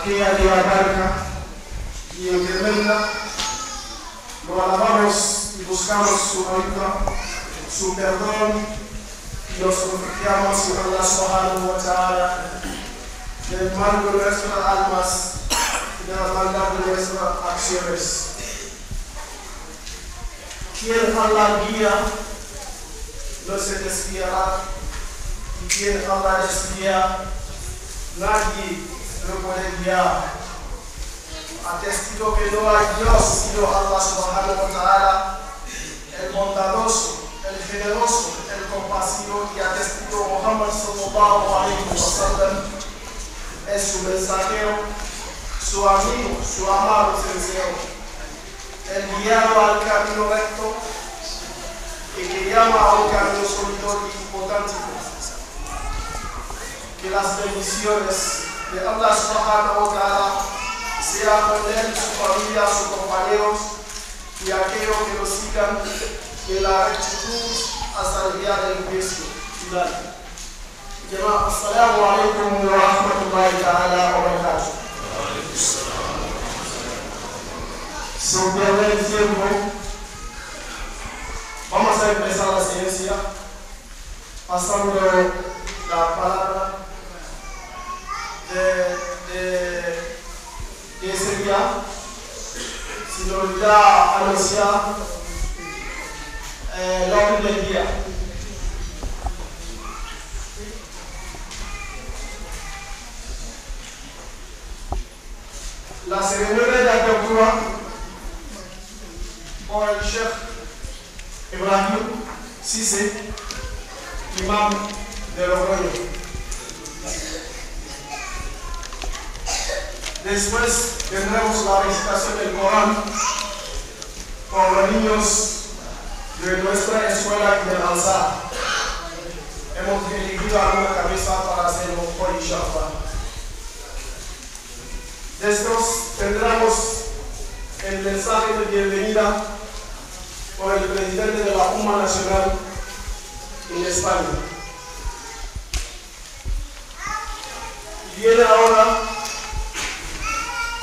aquella a larga y en Tremenda lo alabamos y buscamos su ayuda, su perdón y nos confiamos en Allah subhanahu wa ta'ala del mal de nuestras almas y de la maldad de nuestras acciones. Quien habla guía no se desviará y quien habla desvía nadie lo puede guiar. Atestigo que no hay Dios sino Allah subhanahu wa ta'ala, el bondadoso, el generoso, el compasivo y atestigo Muhammad sallallahu es su mensajero, su amigo, su amado sencillo, el guiado al camino recto y que llama a un camino solitario y potente Que las bendiciones que Allah subhanahu wa ta'ala sea con él, su familia, sus compañeros y aquellos que lo sigan de la rectitud hasta el día del juicio final. Jama'a, assalamu alaikum wa rahmatullahi ta'ala wa barakatuh. perder el tiempo, vamos a empezar la ciencia pasando la palabra di essere via, signorilità all'ossia, eh, l'opera del via. La seconda da Capua, ora il chef Ibrahim Sisse, imam dell'Orgoglio. Después tendremos la recitación del Corán con los niños de nuestra escuela de danza. Hemos elegido a una cabeza para hacerlo por Inshallah. Después tendremos el mensaje de bienvenida por el presidente de la UMA Nacional en España. Y viene ahora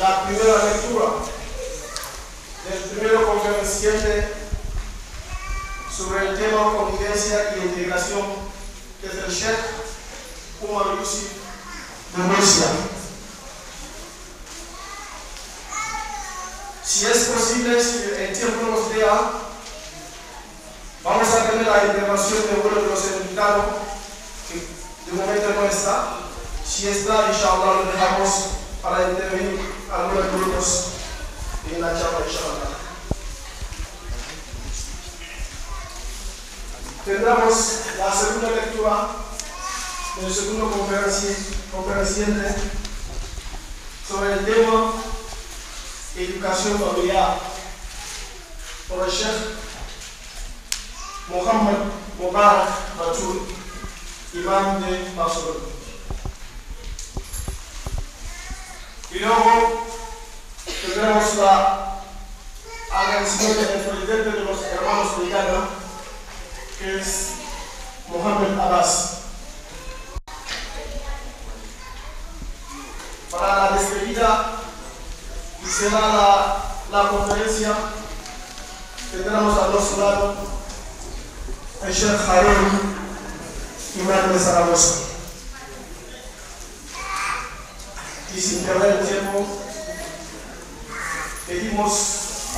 la primera lectura del primero conferenciante sobre el tema convivencia y integración es el como Umar Yusuf de Rusia. Si es posible, si el tiempo nos vea, vamos a tener la intervención de uno de los invitados, que de momento no está. Si está, inshallah, lo dejamos para intervenir algunos grupos en la charla inshallah. Tendremos la segunda lectura del segundo conferenciante sobre el tema educación familiar por el chef Mohamed Mokar Batul, Iván de Barcelona. Y luego tendremos la agradecimiento del presidente de los hermanos de Ghana, que es Mohamed Abbas. Para la despedida y será la, conferencia, tendremos a nuestro lado el Sheikh Harun y Márquez Zaragoza. y sin perder el tiempo, pedimos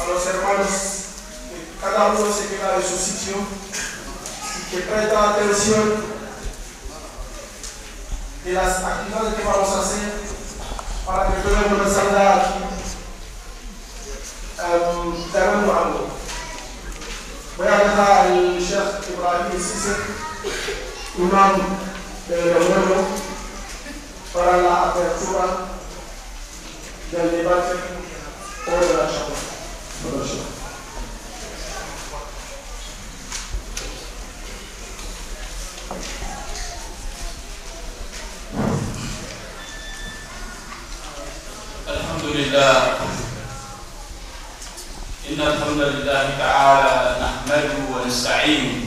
a los hermanos que cada uno se queda en su sitio y que presta atención de las actividades que vamos a hacer para que podamos salir aquí um, algo. Voy a dejar al Sheikh Ibrahim un imam del gobierno, para la apertura ده الليباتيك ولا شغل ولا شغل الحمد لله إن الحمد لله تعالى نحمده ونستعينه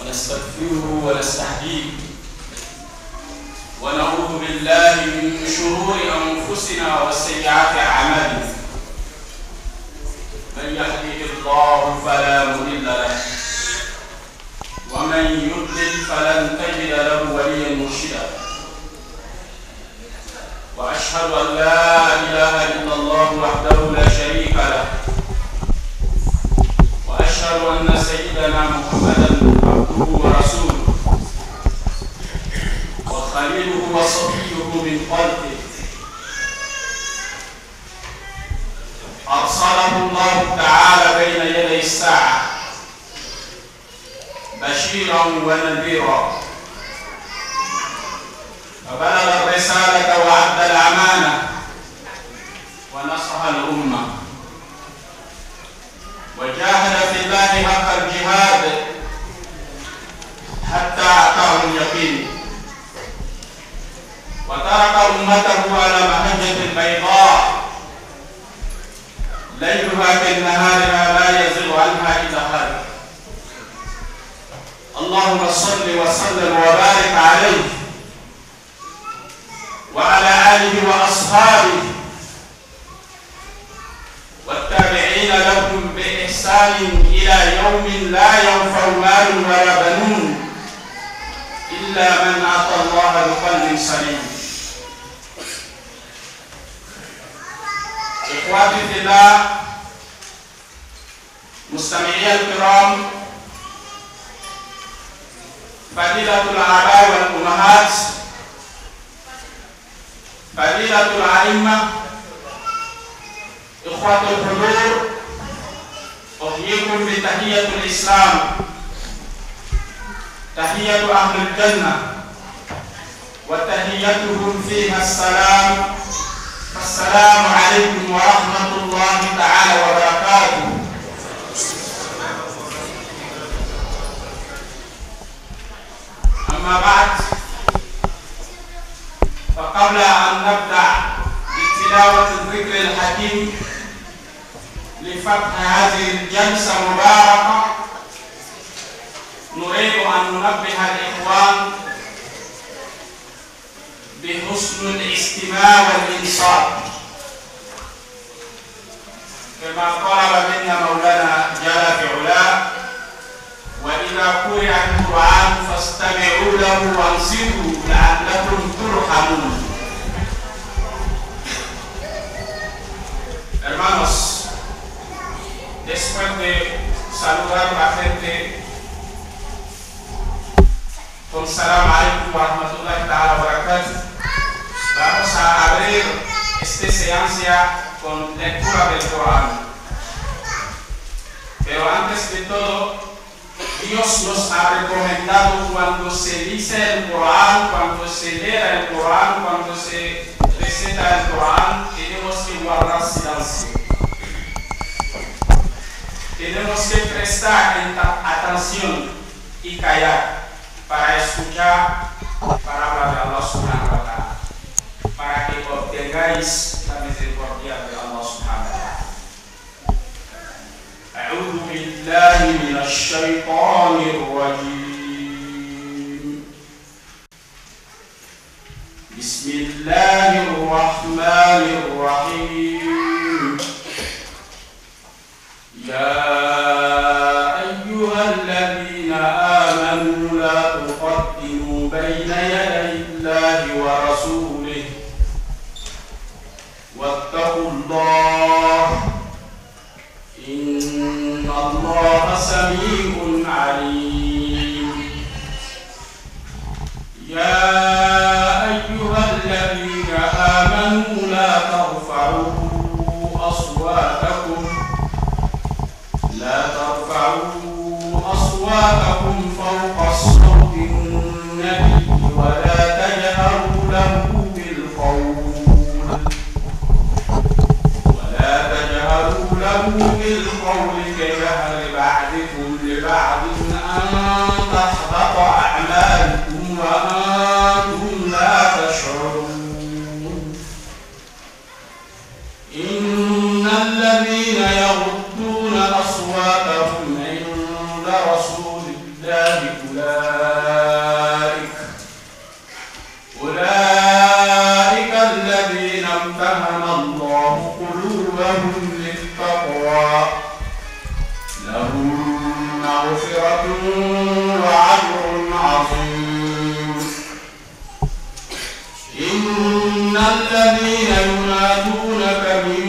ونستغفره ونستهديه ونعوذ بالله من شرور أنفسنا وسيئات أعمالنا من يهده الله فلا مضل له ومن يضلل فلن تجد له وليا مرشدا وأشهد أن لا إله إلا الله وحده لا شريك له وأشهد أن سيدنا محمدا عبده ورسوله وخليله وصبيه من خلقه أرسله الله تعالى بين يدي الساعة بشيرا ونذيرا فبلغ الرسالة وعد الأمانة ونصح الأمة وجاهد في الله حق الجهاد حتى أعطاه اليقين أمته على مهجة بيضاء ليلها ما لا يزل عنها إلا هذا اللهم صل وسلم وبارك عليه وعلى آله وأصحابه والتابعين لهم بإحسان إلى يوم لا ينفع مال ولا بنون إلا من أتى الله بقلب سليم إخواتي في الله مستمعي الكرام فضيلة الآباء والأمهات فضيلة الأئمة إخوة الحضور أحييكم بتحية الإسلام تحية أهل الجنة وتحيتهم فيها السلام السلام عليكم ورحمة الله تعالى وبركاته أما بعد فقبل أن نبدأ بتلاوة الذكر الحكيم لفتح هذه الجلسة المباركة نريد أن ننبه الإخوان بحسن الاستماع والانصات كما طلب منا مولانا جل في علاه واذا قرئ القران فاستمعوا له وانصتوا لعلكم ترحمون Hermanos, después de saludar a la gente con salam alaikum wa rahmatullahi ta'ala wa barakatuh, abrir esta seancia con lectura del Corán. Pero antes de todo, Dios nos ha recomendado cuando se dice el Corán, cuando se lee el Corán, cuando se receta el Corán, tenemos que guardar silencio. Tenemos que prestar atención y callar para escuchar la palabra de Allah. grace and misericordia by Allah subhanahu wa أعوذ بالله من الشيطان الرجيم. بسم الله الرحمن الرحيم. سميع عليم يا ببعض أن تحبط أعمالكم وأنتم لا تشعرون إن الذين يغضون أصواتهم عند رسول الله أولئك أولئك الذين امتهن الله قلوبهم للتقوى مغفرة وعجر عظيم إن الذين ينادونك من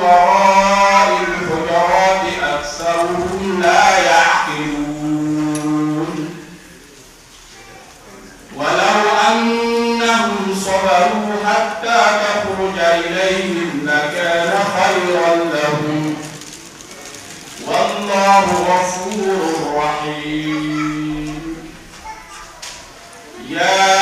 وراء الحجرات أكثرهم لا يعقلون ولو أنهم صبروا حتى تخرج إليهم لكان خيرا لهم الغفور الرحيم يا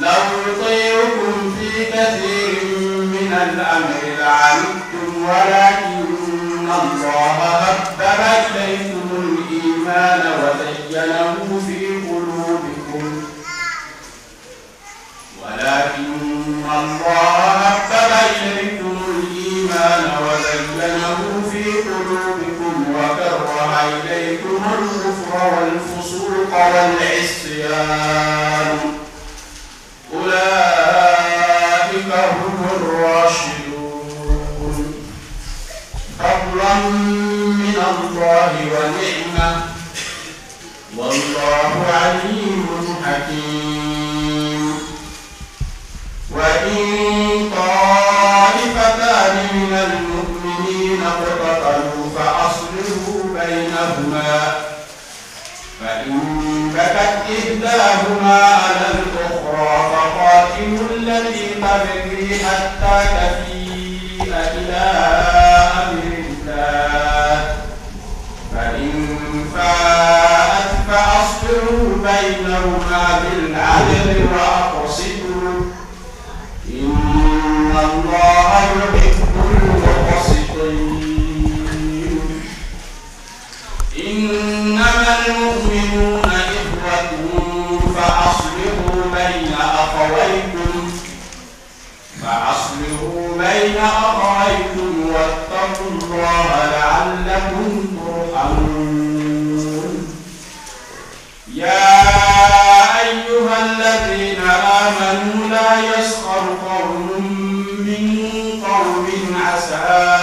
لو يطيعكم في كثير من الأمر لعنتم ولكن الله حبب إليكم الإيمان وزينه في قلوبكم ولكن الله حبب إليكم الإيمان وزينه في قلوبكم وكره إليكم الكفر والفسوق والعصيان الله ونعمة والله عليم حكيم وإن طائفتان من المؤمنين اقتتلوا فأصلحوا بينهما فإن بكت إحداهما على الأخرى فقاتلوا التي تبغي حتى تفيء إلى أمر الله جاءت فأصبروا بينهما بالعدل وأقسطوا إن الله يحب قوم عسى